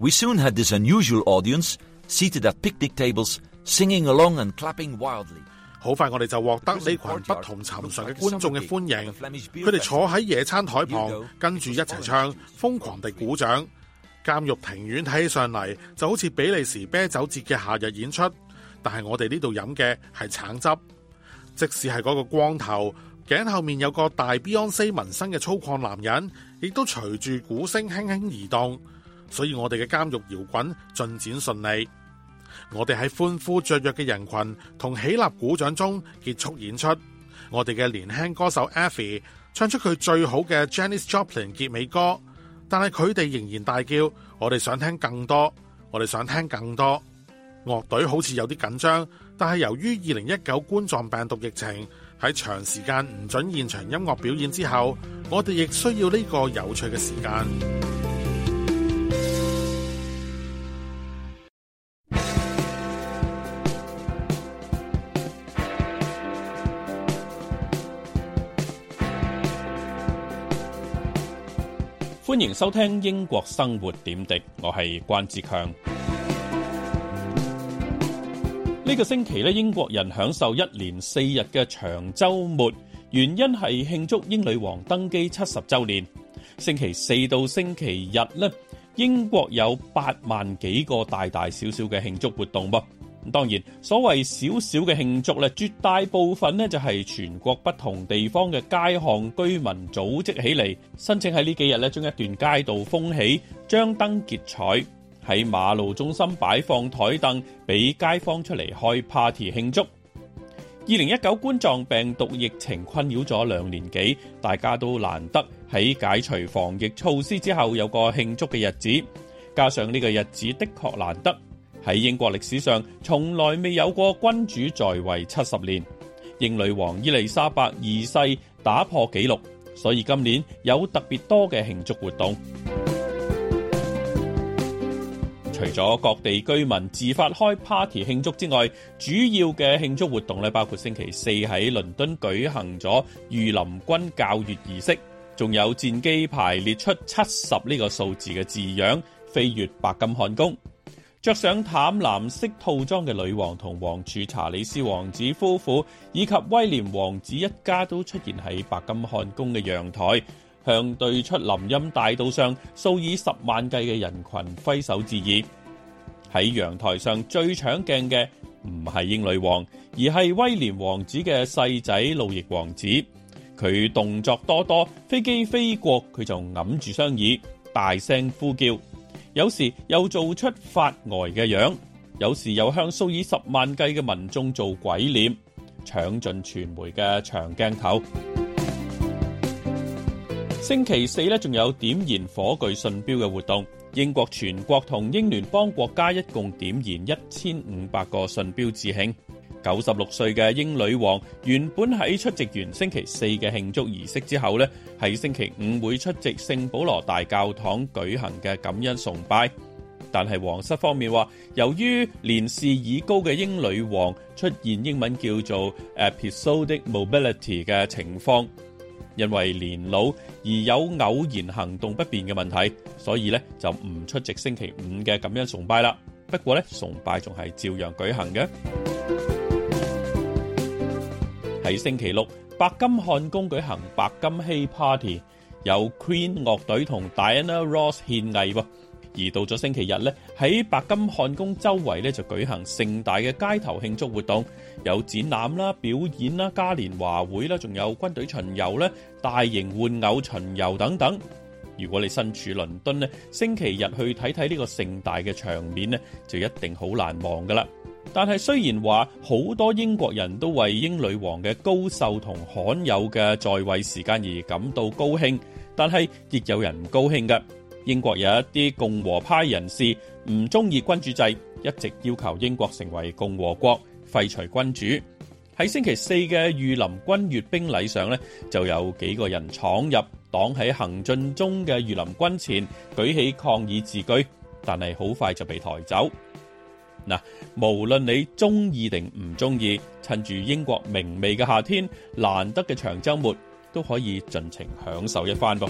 We soon had this unusual audience seated at picnic tables. singing along and clapping wildly，好快我哋就獲得呢群不同尋常嘅觀眾嘅歡迎。佢哋坐喺野餐台旁，跟住一齊唱，瘋狂地鼓掌。監獄庭院睇起上嚟就好似比利時啤酒節嘅夏日演出，但係我哋呢度飲嘅係橙汁。即使係嗰個光頭，頸後面有個大 Beyoncé 紋身嘅粗獷男人，亦都隨住鼓聲輕輕移動。所以我哋嘅監獄搖滾進展順利。我哋喺歡呼雀躍嘅人群同起立鼓掌中結束演出。我哋嘅年輕歌手 Effy 唱出佢最好嘅 Janice Joplin 結尾歌，但係佢哋仍然大叫：我哋想聽更多，我哋想聽更多。樂隊好似有啲緊張，但係由於二零一九冠狀病毒疫情喺長時間唔准現場音樂表演之後，我哋亦需要呢個有趣嘅時間。歡迎收聽英國生活點滴，我係關志強。呢個星期咧，英國人享受一連四日嘅長周末，原因係慶祝英女王登基七十周年。星期四到星期日咧，英國有八萬幾個大大小小嘅慶祝活動噃。當然，所謂少少嘅慶祝咧，絕大部分咧就係全國不同地方嘅街巷居民組織起嚟，申請喺呢幾日咧將一段街道封起，張燈結彩喺馬路中心擺放枱凳，俾街坊出嚟開 party 慶祝。二零一九冠狀病毒疫情困擾咗兩年幾，大家都難得喺解除防疫措施之後有個慶祝嘅日子，加上呢個日子的確難得。喺英國歷史上，從來未有過君主在位七十年。英女王伊麗莎白二世打破紀錄，所以今年有特別多嘅慶祝活動。 除咗各地居民自發開 party 慶祝之外，主要嘅慶祝活動咧，包括星期四喺倫敦舉行咗御林軍校閱儀式，仲有戰機排列出七十呢個數字嘅字樣飛越白金漢宮。着上淡藍色套裝嘅女王同王儲查理斯王子夫婦，以及威廉王子一家都出現喺白金漢宮嘅陽台，向對出林蔭大道上數以十萬計嘅人群揮手致意。喺陽台上最搶鏡嘅唔係英女王，而係威廉王子嘅細仔路易王子。佢動作多多，飛機飛過，佢就揞住雙耳，大聲呼叫。有時又做出發呆嘅樣，有時又向數以十萬計嘅民眾做鬼臉，搶盡傳媒嘅長鏡頭。 星期四咧，仲有點燃火炬信標嘅活動，英國全國同英聯邦國家一共點燃一千五百個信標致慶。九十六歲嘅英女王原本喺出席完星期四嘅慶祝儀式之後呢，喺星期五會出席聖保羅大教堂舉行嘅感恩崇拜。但係皇室方面話，由於年事已高嘅英女王出現英文叫做 episodic mobility 嘅情況，因為年老而有偶然行動不便嘅問題，所以呢就唔出席星期五嘅感恩崇拜啦。不過呢，崇拜仲係照樣舉行嘅。喺星期六，白金漢宮舉行白金禧 party，有 Queen 樂隊同 Diana Ross 獻藝。而到咗星期日呢，喺白金漢宮周圍呢就舉行盛大嘅街頭慶祝活動，有展覽啦、表演啦、嘉年華會啦，仲有軍隊巡遊咧、大型玩偶巡遊等等。如果你身處倫敦呢，星期日去睇睇呢個盛大嘅場面呢，就一定好難忘噶啦。但係雖然話好多英國人都為英女王嘅高壽同罕有嘅在位時間而感到高興，但係亦有人唔高興㗎。英國有一啲共和派人士唔中意君主制，一直要求英國成為共和國，廢除君主。喺星期四嘅御林軍閱兵禮上呢，就有幾個人闖入擋喺行進中嘅御林軍前，舉起抗議字句，但係好快就被抬走。嗱，無論你中意定唔中意，趁住英國明媚嘅夏天，難得嘅長週末，都可以盡情享受一番噃。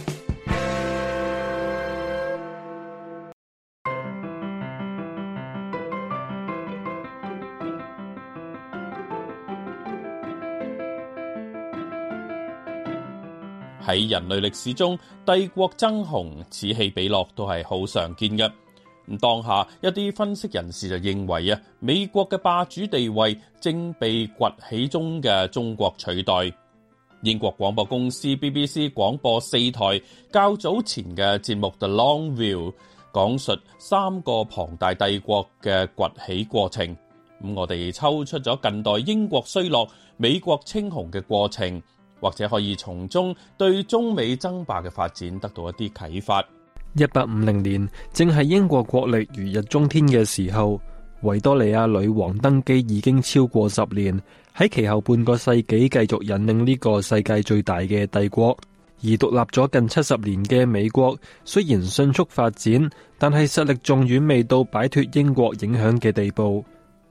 喺 人類歷史中，帝國爭雄此起彼落，都係好常見嘅。咁當下一啲分析人士就認為啊，美國嘅霸主地位正被崛起中嘅中國取代。英國廣播公司 BBC 廣播四台較早前嘅節目 The Long View 講述三個龐大帝國嘅崛起過程。咁我哋抽出咗近代英國衰落、美國稱雄嘅過程，或者可以從中對中美爭霸嘅發展得到一啲啟發。一八五零年正係英國國力如日中天嘅時候，維多利亞女王登基已經超過十年，喺其後半個世紀繼續引領呢個世界最大嘅帝國。而獨立咗近七十年嘅美國，雖然迅速發展，但係實力仲遠未到擺脫英國影響嘅地步。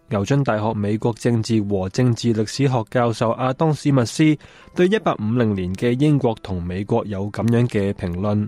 牛津大學美國政治和政治歷史學教授阿當史密斯對一八五零年嘅英國同美國有咁樣嘅評論。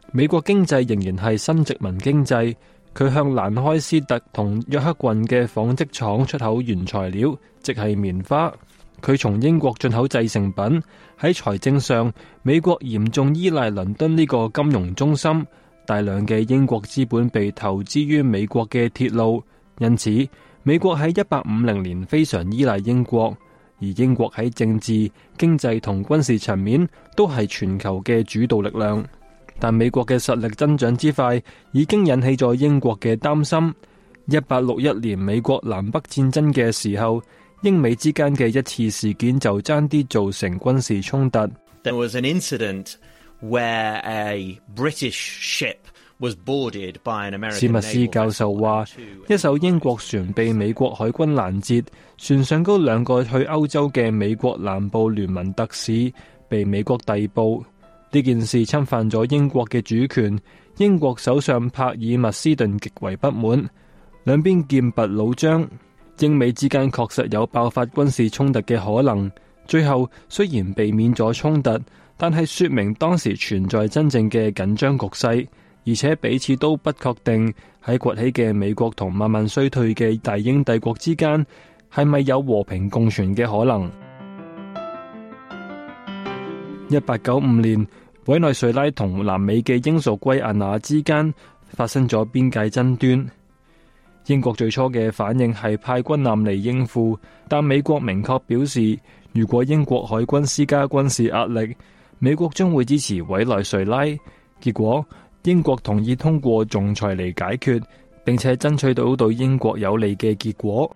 美國經濟仍然係新殖民經濟，佢向蘭開斯特同約克郡嘅紡織廠出口原材料，即係棉花。佢從英國進口製成品。喺財政上，美國嚴重依賴倫敦呢個金融中心，大量嘅英國資本被投資於美國嘅鐵路。因此，美國喺一八五零年非常依賴英國，而英國喺政治、經濟同軍事層面都係全球嘅主導力量。但美國嘅實力增長之快，已經引起咗英國嘅擔心。一八六一年美國南北戰爭嘅時候，英美之間嘅一次事件就爭啲造成軍事衝突。There was an incident where a British ship was boarded by an American. 史密斯教授話， 一艘英國船被美國海軍攔截，船上嗰兩個去歐洲嘅美國南部聯盟特使被美國逮捕。呢件事侵犯咗英國嘅主權，英國首相帕爾默斯頓極為不滿，兩邊劍拔弩張，英美之間確實有爆發軍事衝突嘅可能。最後雖然避免咗衝突，但係說明當時存在真正嘅緊張局勢，而且彼此都不確定喺崛起嘅美國同慢慢衰退嘅大英帝國之間係咪有和平共存嘅可能。一八九五年。委內瑞拉同南美嘅英屬圭亞那之間發生咗邊界爭端。英國最初嘅反應係派軍艦嚟應付，但美國明確表示，如果英國海軍施加軍事壓力，美國將會支持委內瑞拉。結果，英國同意通過仲裁嚟解決，並且爭取到對英國有利嘅結果。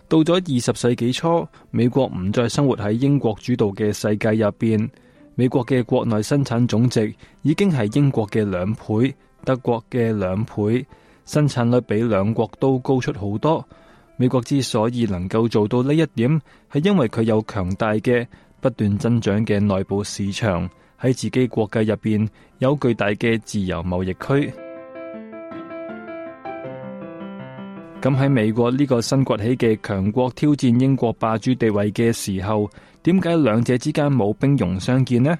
到咗二十世紀初，美國唔再生活喺英國主導嘅世界入邊。美國嘅國內生產總值已經係英國嘅兩倍，德國嘅兩倍，生產率比兩國都高出好多。美國之所以能夠做到呢一點，係因為佢有強大嘅不斷增長嘅內部市場，喺自己國界入邊有巨大嘅自由貿易區。咁喺美國呢個新崛起嘅強國挑戰英國霸主地位嘅時候，點解兩者之間冇兵戎相見呢？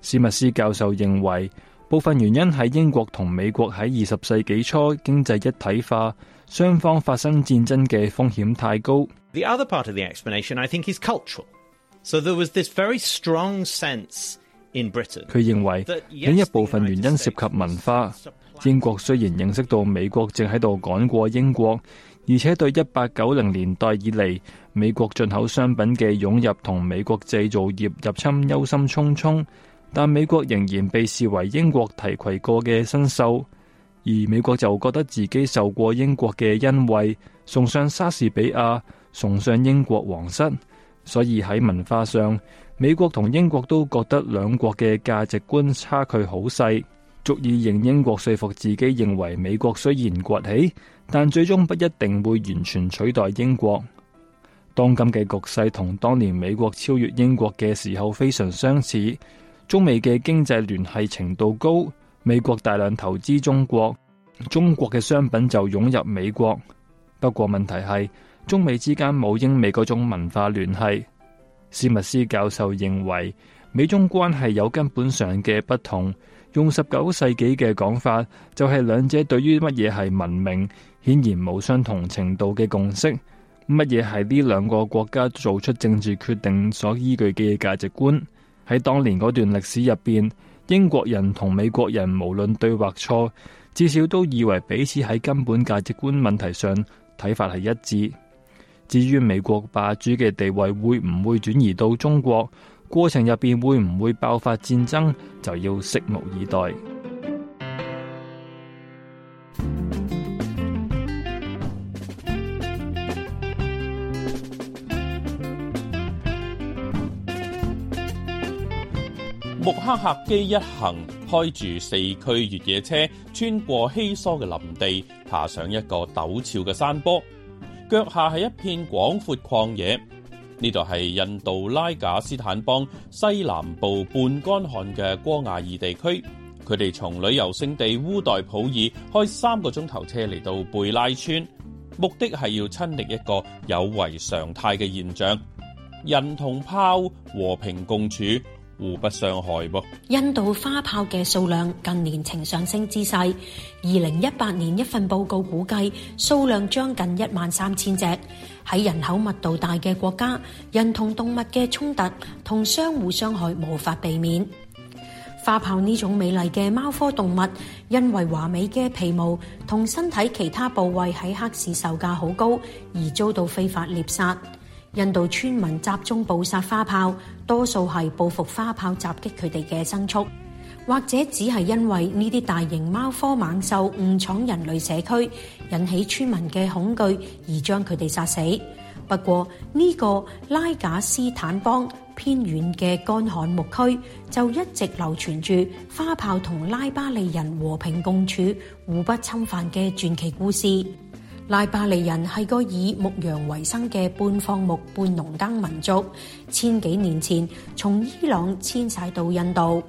史密斯教授認為，部分原因喺英國同美國喺二十世紀初經濟一體化，雙方發生戰爭嘅風險太高。The other part of the explanation, I think, is cultural. So there was this very strong sense in Britain. 佢認為另一部分原因涉及文化。英國雖然認識到美國正喺度趕過英國，而且對一八九零年代以嚟美國進口商品嘅湧入同美國製造業入侵憂心忡忡，但美國仍然被視為英國提攜過嘅新秀，而美國就覺得自己受過英國嘅恩惠，崇尚莎士比亞，崇尚英國皇室，所以喺文化上，美國同英國都覺得兩國嘅價值觀差距好細。足以令英國說服自己認為美國雖然崛起，但最終不一定會完全取代英國。當今嘅局勢同當年美國超越英國嘅時候非常相似。中美嘅經濟聯繫程度高，美國大量投資中國，中國嘅商品就湧入美國。不過問題係中美之間冇英美嗰種文化聯繫。史密斯教授認為美中關係有根本上嘅不同。用十九世紀嘅講法，就係、是、兩者對於乜嘢係文明，顯然冇相同程度嘅共識。乜嘢係呢兩個國家做出政治決定所依據嘅價值觀？喺當年嗰段歷史入邊，英國人同美國人無論對或錯，至少都以為彼此喺根本價值觀問題上睇法係一致。至於美國霸主嘅地位會唔會轉移到中國？過程入邊會唔會爆發戰爭，就要拭目以待。穆克赫基一行開住四驅越野車，穿過稀疏嘅林地，爬上一個陡峭嘅山坡，腳下係一片廣闊曠野。呢度係印度拉賈斯坦邦西南部半乾旱嘅戈瓦爾地區，佢哋從旅遊勝地烏代普爾開三個鐘頭車嚟到貝拉村，目的係要親歷一個有違常態嘅現象：人同豹和平共處。互不傷害噃。印度花豹嘅數量近年呈上升之勢。二零一八年一份報告估計數量將近一萬三千隻。喺人口密度大嘅國家，人同動物嘅衝突同相互傷害無法避免。花豹呢種美麗嘅貓科動物，因為華美嘅皮毛同身體其他部位喺黑市售價好高，而遭到非法獵殺。印度村民集中捕殺花豹。多數係報復花炮襲擊佢哋嘅牲畜，或者只係因為呢啲大型貓科猛獸誤闖人類社區，引起村民嘅恐懼而將佢哋殺死。不過呢個拉賈斯坦邦偏遠嘅乾旱牧區就一直流傳住花炮同拉巴利人和平共處、互不侵犯嘅傳奇故事。賴巴利人係個以牧羊為生嘅半放牧半農耕民族，千幾年前從伊朗遷徙到印度。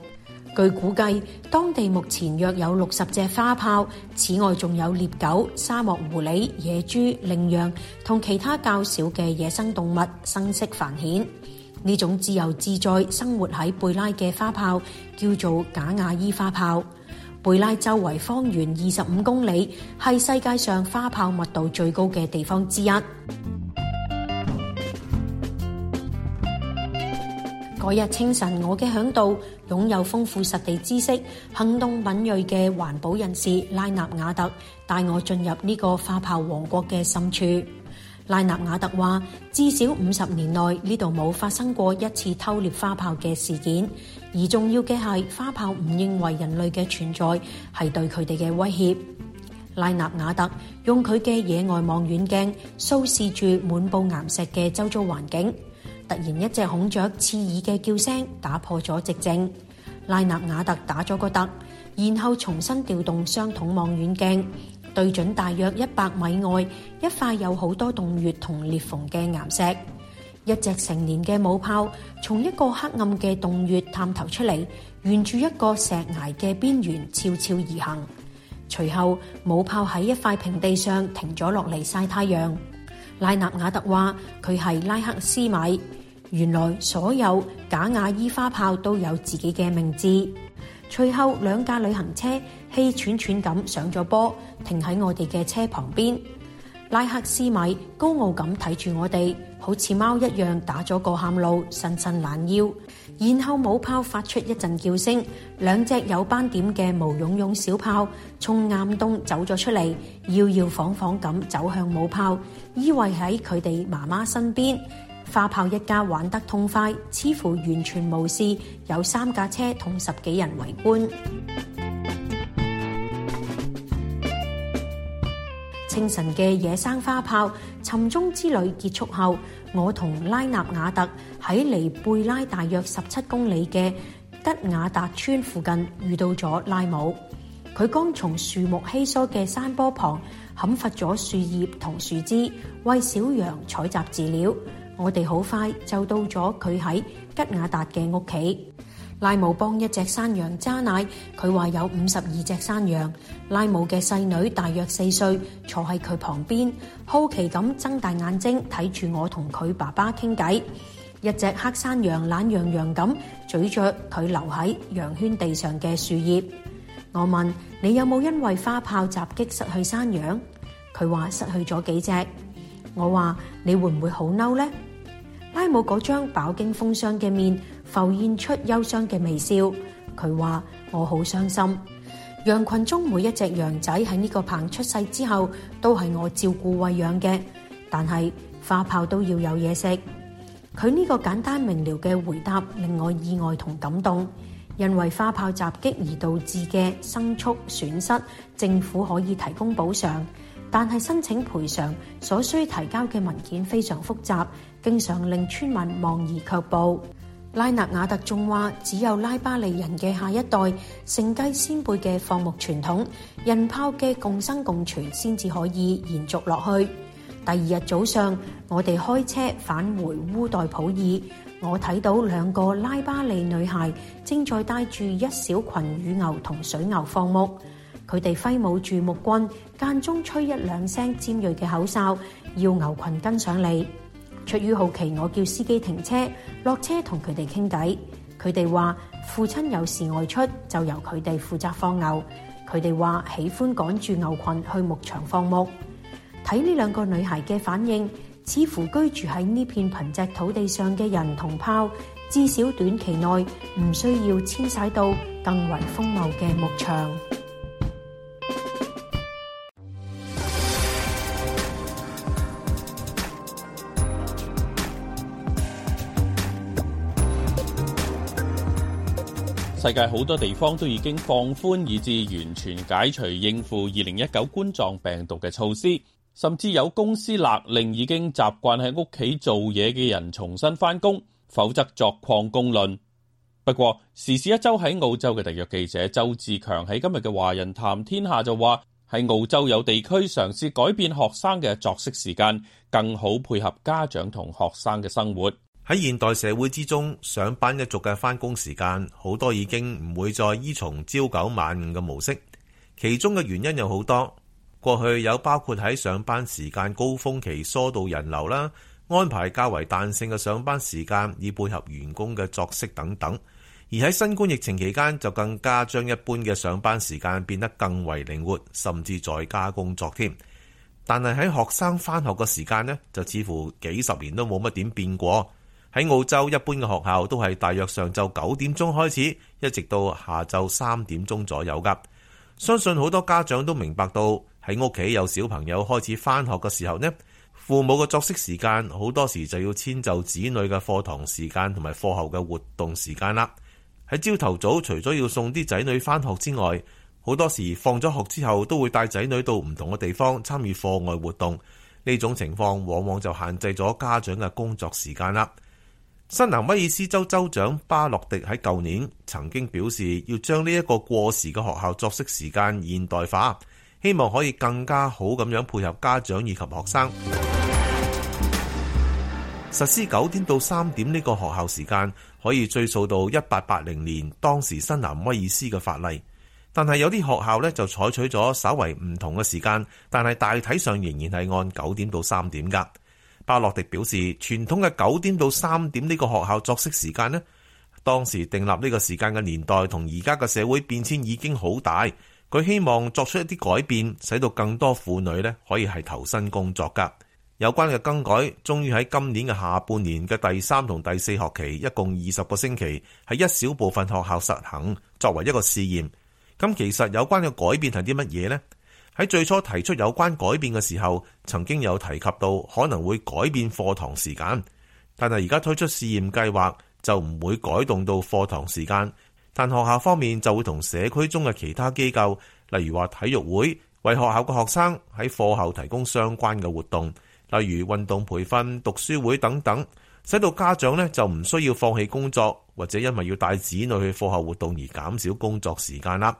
據估計，當地目前約有六十隻花豹，此外仲有獵狗、沙漠狐狸、野豬、羚羊同其他較少嘅野生動物生息繁衍。呢種自由自在生活喺貝拉嘅花豹叫做假亞伊花豹。貝拉周圍方圓二十五公里，係世界上花炮密度最高嘅地方之一。嗰 日清晨，我嘅響度擁有豐富實地知識、行動敏銳嘅環保人士拉納亞特帶我進入呢個花炮王國嘅深處。拉納亞特話：至少五十年內呢度冇發生過一次偷獵花炮嘅事件，而重要嘅係花炮唔認為人類嘅存在係對佢哋嘅威脅。拉納亞特用佢嘅野外望遠鏡掃視住滿布岩石嘅周遭環境，突然一隻孔雀刺耳嘅叫聲打破咗寂靜。拉納亞特打咗個突，然後重新調動雙筒望遠鏡，對準大約一百米外一塊有好多洞穴同裂縫嘅岩石，一隻成年嘅母豹從一個黑暗嘅洞穴探頭出嚟，沿住一個石崖嘅邊緣悄悄而行。隨後，母豹喺一塊平地上停咗落嚟曬太陽。拉納瓦特話佢係拉克斯米，原來所有假瓦伊花豹都有自己嘅名字。隨後，兩架旅行車。氣喘喘咁上咗坡，停喺我哋嘅車旁邊。拉克斯米高傲咁睇住我哋，好似貓一樣打咗個喊嚕，伸伸懶腰，然後母豹發出一陣叫聲，兩隻有斑點嘅毛茸茸小豹，從暗洞走咗出嚟，搖搖晃晃咁走向母豹，依偎喺佢哋媽媽身邊。花豹一家玩得痛快，似乎完全無視有三架車同十幾人圍觀。精神嘅野生花炮，尋蹤之旅結束後，我同拉納瓦特喺離貝拉大約十七公里嘅吉亞達村附近遇到咗拉姆。佢剛從樹木稀疏嘅山坡旁砍伐咗樹葉同樹枝，為小羊採集飼料。我哋好快就到咗佢喺吉亞達嘅屋企。拉姆幫一隻山羊揸奶，佢話有五十二隻山羊。拉姆嘅細女大約四歲，坐喺佢旁邊，好奇咁睜大眼睛睇住我同佢爸爸傾偈。一隻黑山羊懶洋洋咁咀嚼佢留喺羊圈地上嘅樹葉。我問你有冇因為花炮襲擊失去山羊？佢話失去咗幾隻。我話你會唔會好嬲呢？拉姆嗰張飽經風霜嘅面。浮現出憂傷嘅微笑，佢話我好傷心。羊群中每一隻羊仔喺呢個棚出世之後，都係我照顧餵養嘅。但係花豹都要有嘢食。佢呢個簡單明了嘅回答令我意外同感動。因為花豹襲擊而導致嘅牲畜損失，政府可以提供補償，但係申請賠償所需提交嘅文件非常複雜，經常令村民望而卻步。拉納瓦特仲話：只有拉巴利人嘅下一代承繼先輩嘅放牧傳統，印泡嘅共生共存先至可以延續落去。第二日早上，我哋開車返回烏代普爾，我睇到兩個拉巴利女孩正在帶住一小群乳牛同水牛放牧，佢哋揮舞住木棍，間中吹一兩聲尖銳嘅口哨，要牛群跟上嚟。出於好奇，我叫司機停車，落車同佢哋傾偈。佢哋話父親有時外出，就由佢哋負責放牛。佢哋話喜歡趕住牛群去牧場放牧。睇呢兩個女孩嘅反應，似乎居住喺呢片貧瘠土地上嘅人同拋，至少短期內唔需要遷徙到更為豐茂嘅牧場。世界好多地方都已經放寬以至完全解除應付二零一九冠狀病毒嘅措施，甚至有公司勒令已經習慣喺屋企做嘢嘅人重新翻工，否則作曠工論。不過，時事一周喺澳洲嘅特約記者周志強喺今日嘅華人談天下就話，喺澳洲有地區嘗試改變學生嘅作息時間，更好配合家長同學生嘅生活。喺現代社會之中，上班一族嘅翻工時間好多已經唔會再依從朝九晚五嘅模式。其中嘅原因有好多，過去有包括喺上班時間高峰期疏導人流啦，安排較為彈性嘅上班時間，以配合員工嘅作息等等。而喺新冠疫情期間，就更加將一般嘅上班時間變得更為靈活，甚至在家工作添。但係喺學生翻學嘅時間呢，就似乎幾十年都冇乜點變過。喺澳洲，一般嘅學校都係大約上晝九點鐘開始，一直到下晝三點鐘左右噶。相信好多家長都明白到，喺屋企有小朋友開始翻學嘅時候呢，父母嘅作息時間好多時就要遷就子女嘅課堂時間同埋課後嘅活動時間啦。喺朝頭早除咗要送啲仔女翻學之外，好多時放咗學之後都會帶仔女到唔同嘅地方參與課外活動，呢種情況往往就限制咗家長嘅工作時間啦。新南威爾斯州州長巴洛迪喺舊年曾經表示，要將呢一個過時嘅學校作息時間現代化，希望可以更加好咁樣配合家長以及學生。實施九點到三點呢個學校時間，可以追溯到一八八零年當時新南威爾斯嘅法例。但係有啲學校呢就採取咗稍為唔同嘅時間，但係大體上仍然係按九點到三點㗎。巴洛迪表示，傳統嘅九點到三點呢個學校作息時間呢，當時訂立呢個時間嘅年代同而家嘅社會變遷已經好大。佢希望作出一啲改變，使到更多婦女呢可以係投身工作㗎。有關嘅更改終於喺今年嘅下半年嘅第三同第四學期，一共二十個星期，喺一小部分學校實行作為一個試驗。咁其實有關嘅改變係啲乜嘢呢？喺最初提出有關改變嘅時候，曾經有提及到可能會改變課堂時間，但係而家推出試驗計劃就唔會改動到課堂時間。但學校方面就會同社區中嘅其他機構，例如話體育會，為學校嘅學生喺課後提供相關嘅活動，例如運動培訓、讀書會等等，使到家長咧就唔需要放棄工作，或者因為要帶子女去課後活動而減少工作時間啦。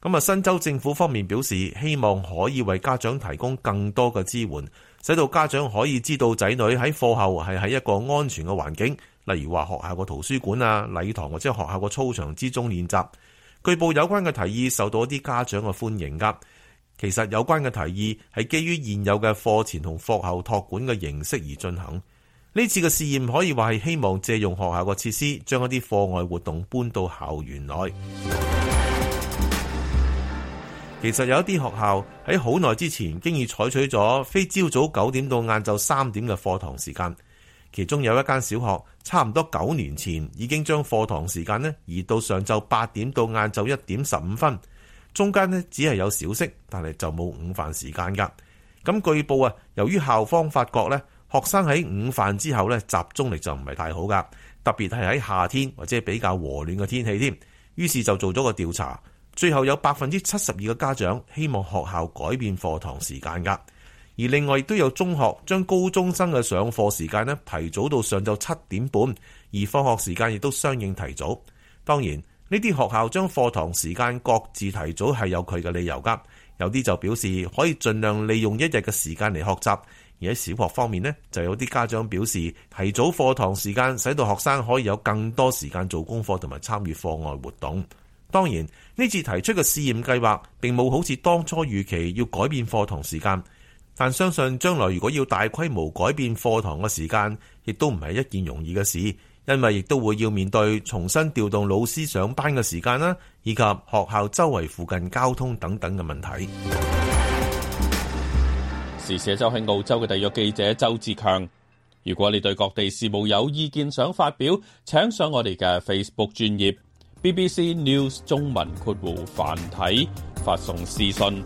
咁啊，新州政府方面表示，希望可以為家長提供更多嘅支援，使到家長可以知道仔女喺課後係喺一個安全嘅環境，例如話學校個圖書館啊、禮堂或者學校個操場之中練習。據報有關嘅提議受到一啲家長嘅歡迎啊。其實有關嘅提議係基於現有嘅課前同課後託管嘅形式而進行。呢次嘅試驗可以話係希望借用學校嘅設施，將一啲課外活動搬到校園內。其實有一啲學校喺好耐之前，經已採取咗非朝早九點到晏晝三點嘅課堂時間。其中有一間小學，差唔多九年前已經將課堂時間呢移到上晝八點到晏晝一點十五分。中間呢只係有小息，但係就冇午飯時間㗎。咁據報啊，由於校方發覺呢，學生喺午飯之後呢集中力就唔係太好㗎，特別係喺夏天或者比較和暖嘅天氣添。於是就做咗個調查。最後有百分之七十二嘅家長希望學校改變課堂時間㗎，而另外亦都有中學將高中生嘅上課時間呢提早到上晝七點半，而放學時間亦都相應提早。當然呢啲學校將課堂時間各自提早係有佢嘅理由㗎，有啲就表示可以盡量利用一日嘅時間嚟學習，而喺小學方面呢就有啲家長表示提早課堂時間使到學生可以有更多時間做功課同埋參與課外活動。當然，呢次提出嘅試驗計劃，並冇好似當初預期要改變課堂時間。但相信將來如果要大規模改變課堂嘅時間，亦都唔係一件容易嘅事，因為亦都會要面對重新調動老師上班嘅時間啦，以及學校周圍附近交通等等嘅問題。時事周喺澳洲嘅第約記者周志強。如果你對各地事務有意見想發表，請上我哋嘅 Facebook 專頁。BBC News 中文括弧繁體，發送私信。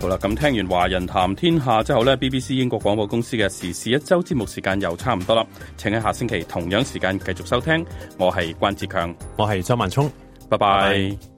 好啦，咁聽完華人談天下之後呢，BBC 英國廣播公司嘅時事一週節目時間又差唔多啦，請喺下星期同樣時間繼續收聽。我係關志強，我係周萬聰，拜拜。